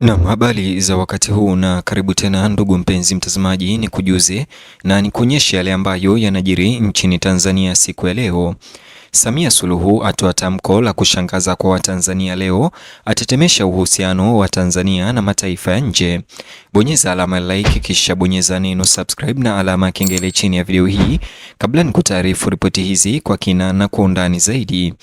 Nam, habari za wakati huu na karibu tena ndugu mpenzi mtazamaji, ni kujuze na nikuonyeshe yale ambayo yanajiri nchini Tanzania siku ya leo. Samia Suluhu atoa tamko la kushangaza kwa Watanzania leo, atetemesha uhusiano wa Tanzania na mataifa ya nje. Bonyeza alama ya like, kisha bonyeza neno subscribe na alama ya kengele chini ya video hii, kabla nikutaarifu ripoti hizi kwa kina na kwa undani zaidi.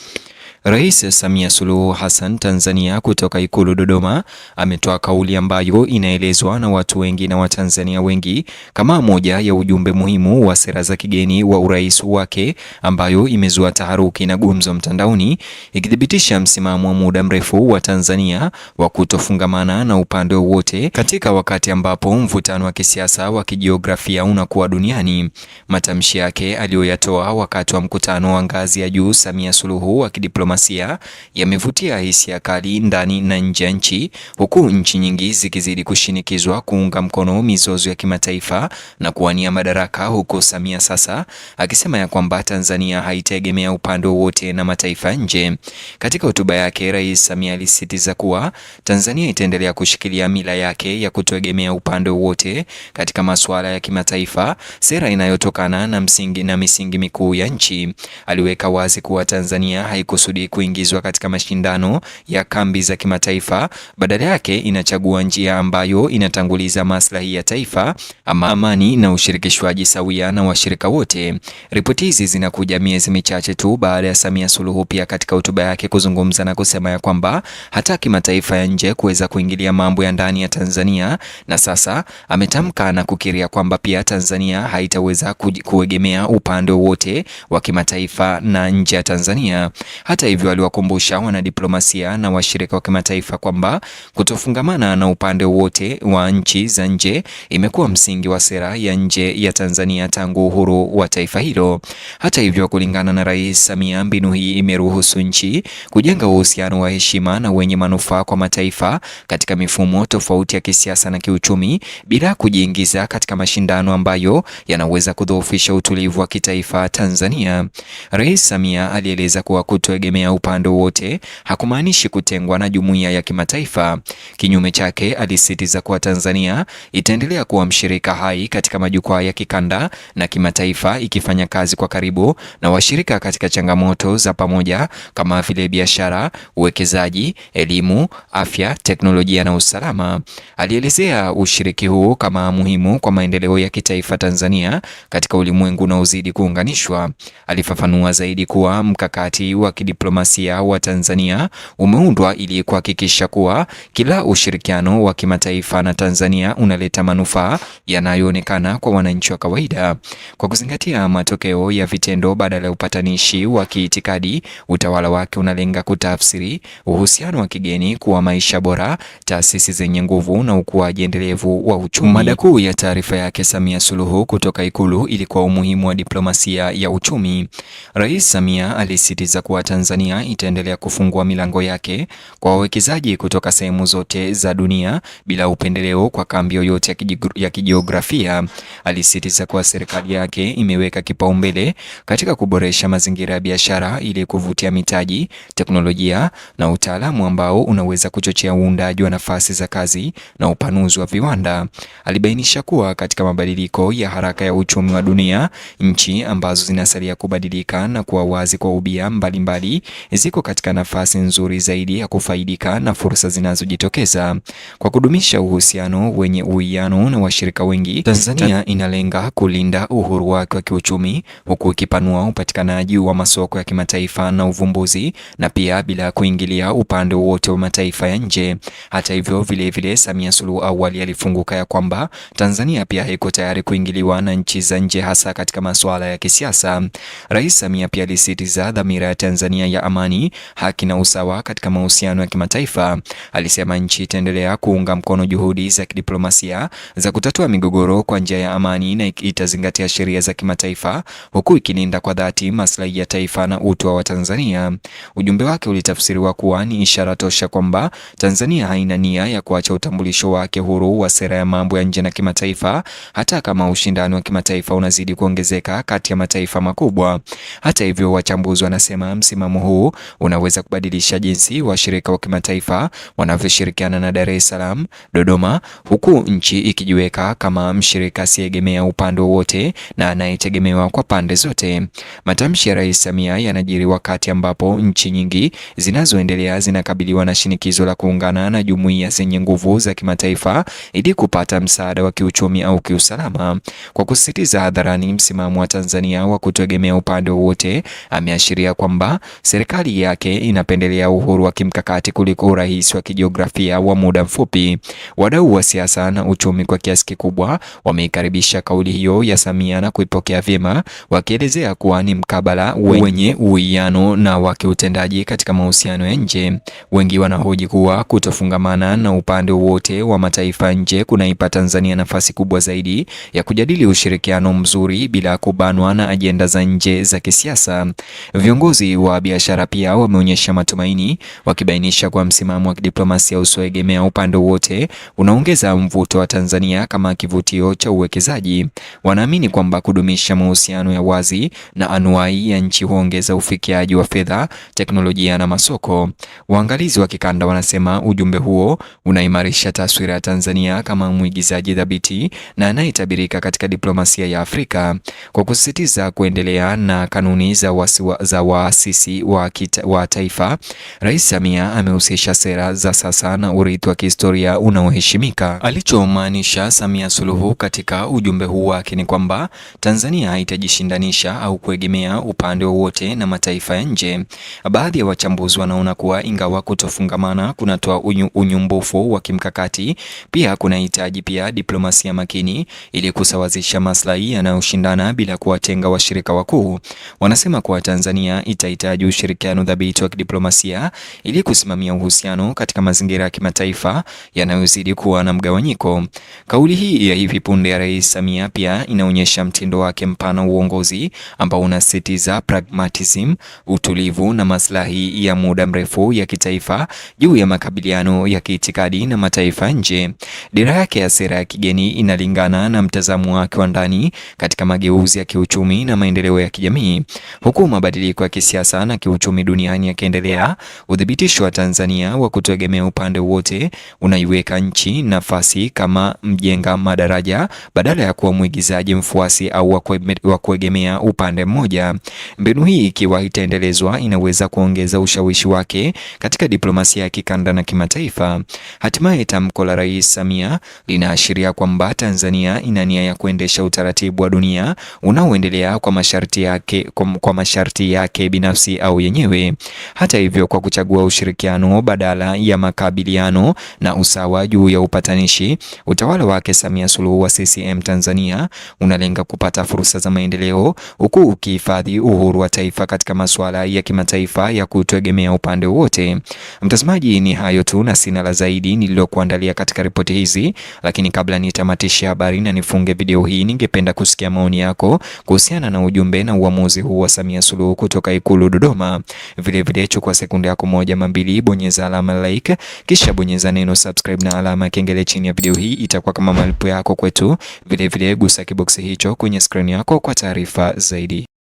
Rais Samia Suluhu Hassan Tanzania kutoka Ikulu Dodoma ametoa kauli ambayo inaelezwa na watu wengi na Watanzania wengi kama moja ya ujumbe muhimu wa sera za kigeni wa urais wake ambayo imezua taharuki na gumzo mtandaoni ikithibitisha msimamo wa muda mrefu wa Tanzania wa kutofungamana na upande wowote katika wakati ambapo mvutano wa kisiasa wa kijiografia unakuwa duniani. Matamshi yake aliyoyatoa wakati wa mkutano wa ngazi ya juu Samia Suluhu wa kidiploma kidiplomasia yamevutia hisia kali ndani na nje ya nchi, huku nchi nyingi zikizidi kushinikizwa kuunga mkono mizozo ya kimataifa na kuwania madaraka, huku Samia sasa akisema ya kwamba Tanzania haitegemea upande wowote na mataifa nje. Katika hotuba yake, Rais Samia alisisitiza kuwa Tanzania itaendelea kushikilia mila yake ya kutoegemea upande wowote katika masuala ya kimataifa, sera inayotokana na msingi na misingi mikuu ya nchi. Aliweka wazi kuwa Tanzania haikusudi kuingizwa katika mashindano ya kambi za kimataifa, badala yake inachagua njia ambayo inatanguliza maslahi ya taifa ama amani na ushirikishwaji sawia na washirika wote. Ripoti hizi zinakuja miezi michache tu baada ya Samia Suluhu pia katika hotuba yake kuzungumza na kusema ya kwamba hataki mataifa ya nje kuweza kuingilia mambo ya ndani ya Tanzania, na sasa ametamka na kukiria kwamba pia Tanzania haitaweza kuegemea upande wote wa kimataifa na nje ya Tanzania hata hivyo aliwakumbusha wanadiplomasia na washirika wa kimataifa kwamba kutofungamana na upande wote wa nchi za nje imekuwa msingi wa sera ya nje ya Tanzania tangu uhuru wa taifa hilo. Hata hivyo, kulingana na Rais Samia, mbinu hii imeruhusu nchi kujenga uhusiano wa heshima na wenye manufaa kwa mataifa katika mifumo tofauti ya kisiasa na kiuchumi bila kujiingiza katika mashindano ambayo yanaweza kudhoofisha utulivu wa kitaifa Tanzania. Rais Samia alieleza kuwa kutoegemea kuegemea upande wote hakumaanishi kutengwa na jumuiya ya kimataifa. Kinyume chake, alisisitiza kuwa Tanzania itaendelea kuwa mshirika hai katika majukwaa ya kikanda na kimataifa, ikifanya kazi kwa karibu na washirika katika changamoto za pamoja kama vile biashara, uwekezaji, elimu, afya, teknolojia na usalama. Alielezea ushiriki huo kama muhimu kwa maendeleo ya kitaifa Tanzania katika ulimwengu unaozidi kuunganishwa. Alifafanua zaidi kuwa mkakati wa kidiplomasia wanadiplomasia wa Tanzania umeundwa ili kuhakikisha kuwa kila ushirikiano wa kimataifa na Tanzania unaleta manufaa yanayoonekana kwa wananchi wa kawaida kwa kuzingatia matokeo ya vitendo badala ya upatanishi wa kiitikadi. Utawala wake unalenga kutafsiri uhusiano wa kigeni kuwa maisha bora, taasisi zenye nguvu na ukuaji endelevu wa uchumi. Mada kuu ya taarifa yake Samia Suluhu kutoka Ikulu ilikuwa umuhimu wa diplomasia ya uchumi. Rais Samia alisisitiza kuwa Tanzania Tanzania itaendelea kufungua milango yake kwa wawekezaji kutoka sehemu zote za dunia bila upendeleo kwa kambi yoyote ya kijiografia. Alisisitiza kuwa serikali yake imeweka kipaumbele katika kuboresha mazingira ya biashara ili kuvutia mitaji, teknolojia na utaalamu ambao unaweza kuchochea uundaji wa nafasi za kazi na upanuzi wa viwanda. Alibainisha kuwa katika mabadiliko ya haraka ya uchumi wa dunia, nchi ambazo zinasalia kubadilika na kuwa wazi kwa ubia mbalimbali ziko katika nafasi nzuri zaidi ya kufaidika na fursa zinazojitokeza. Kwa kudumisha uhusiano wenye uwiano na washirika wengi, Tanzania inalenga kulinda uhuru wake wa kiuchumi huku ikipanua upatikanaji wa masoko ya kimataifa na uvumbuzi, na pia bila kuingilia upande wote wa mataifa ya nje. Hata hivyo, vilevile Samia Suluhu awali alifunguka ya kwamba Tanzania pia haiko tayari kuingiliwa na nchi za nje, hasa katika masuala ya kisiasa. Rais Samia pia alisitiza dhamira ya Tanzania ya amani, haki na usawa katika mahusiano ya kimataifa, alisema nchi itaendelea kuunga mkono juhudi za kidiplomasia za kutatua migogoro kwa njia ya amani na itazingatia sheria za kimataifa huku ikilinda kwa dhati maslahi ya taifa na utu wa Watanzania. Ujumbe wake ulitafsiriwa kuwa ni ishara tosha kwamba Tanzania haina nia ya kuacha utambulisho wake huru wa sera ya mambo ya nje na kimataifa hata kama ushindani wa kimataifa unazidi kuongezeka kati ya mataifa makubwa. Hata hivyo, wachambuzi wanasema msimamo huu unaweza kubadilisha jinsi washirika wa, wa kimataifa wanavyoshirikiana na Dar es Salaam, Dodoma, huku nchi ikijiweka kama mshirika asiyeegemea upande wowote na anayetegemewa kwa pande zote. Matamshi ya Rais Samia yanajiri wakati ambapo nchi nyingi zinazoendelea zinakabiliwa na shinikizo la kuungana na jumuiya zenye nguvu za kimataifa ili kupata msaada wa kiuchumi au kiusalama. Kwa kusisitiza hadharani msimamo wa Tanzania wa kutoegemea upande wowote, ameashiria kwamba serikali yake inapendelea uhuru wa kimkakati kuliko urahisi wa kijiografia wa muda mfupi. Wadau wa siasa na uchumi kwa kiasi kikubwa wameikaribisha kauli hiyo ya Samia na kuipokea vyema, wakielezea kuwa ni mkabala wenye uwiano na wa kiutendaji katika mahusiano ya nje. Wengi wanahoji kuwa kutofungamana na upande wote wa mataifa nje kunaipa Tanzania nafasi kubwa zaidi ya kujadili ushirikiano mzuri bila kubanwa na ajenda za nje za kisiasa. Viongozi wa biashara biashara pia wameonyesha matumaini, wakibainisha kwa msimamo wa kidiplomasia usioegemea upande wote unaongeza mvuto wa Tanzania kama kivutio cha uwekezaji. Wanaamini kwamba kudumisha mahusiano ya wazi na anuai ya nchi huongeza ufikiaji wa fedha, teknolojia na masoko. Waangalizi wa kikanda wanasema ujumbe huo unaimarisha taswira ya Tanzania kama mwigizaji dhabiti na anayetabirika katika diplomasia ya Afrika kwa kusisitiza kuendelea na kanuni za waasisi wa wa, wa taifa, Rais Samia amehusisha sera za sasa na urithi wa kihistoria unaoheshimika. Alichomaanisha Samia Suluhu katika ujumbe huu wake ni kwamba Tanzania haitajishindanisha au kuegemea upande wowote na mataifa ya nje. Baadhi ya wachambuzi wanaona kuwa ingawa kutofungamana kunatoa unyumbufu wa kimkakati, pia kunahitaji pia diplomasia makini ili kusawazisha maslahi yanayoshindana bila kuwatenga washirika wakuu. Wanasema kuwa Tanzania itahitaji ushirikiano dhabiti wa kidiplomasia ili kusimamia uhusiano katika mazingira ya kimataifa yanayozidi kuwa na mgawanyiko. Kauli hii ya hivi punde ya Rais Samia pia inaonyesha mtindo wake mpana uongozi ambao unasisitiza pragmatism, utulivu na maslahi ya muda mrefu ya kitaifa juu ya makabiliano ya kiitikadi na mataifa nje. Dira yake ya sera ya kigeni inalingana na mtazamo wake wa ndani katika mageuzi ya kiuchumi na maendeleo ya kijamii, huku mabadiliko ya kisiasa na kiuchumi duniani yakiendelea, udhibitisho wa Tanzania wa kutegemea upande wote unaiweka nchi nafasi kama mjenga madaraja badala ya kuwa mwigizaji mfuasi au wa kuegemea upande mmoja. Mbinu hii ikiwa itaendelezwa, inaweza kuongeza ushawishi wake katika diplomasia ya kikanda na kimataifa. Hatimaye, tamko la Rais Samia linaashiria kwamba Tanzania ina nia ya kuendesha utaratibu wa dunia unaoendelea kwa masharti yake, kwa masharti yake binafsi au au yenyewe. Hata hivyo, kwa kuchagua ushirikiano badala ya makabiliano na usawa juu ya upatanishi, utawala wake Samia Suluhu wa CCM Tanzania unalenga kupata fursa za maendeleo huku ukihifadhi uhuru wa taifa katika masuala ya kimataifa ya kutegemea upande wote. Mtazamaji, ni hayo tu na sina la zaidi nililokuandalia katika ripoti hizi, lakini kabla nitamatishe habari na nifunge video hii, ningependa kusikia maoni yako kuhusiana na ujumbe na uamuzi huu wa Samia Suluhu kutoka Ikulu Dodoma kama vilevile. Chukua sekunde yako moja ama mbili, bonyeza alama like, kisha bonyeza neno subscribe na alama kengele chini ya video hii, itakuwa kama malipo yako kwetu. Vilevile gusa kiboksi hicho kwenye skrini yako kwa taarifa zaidi.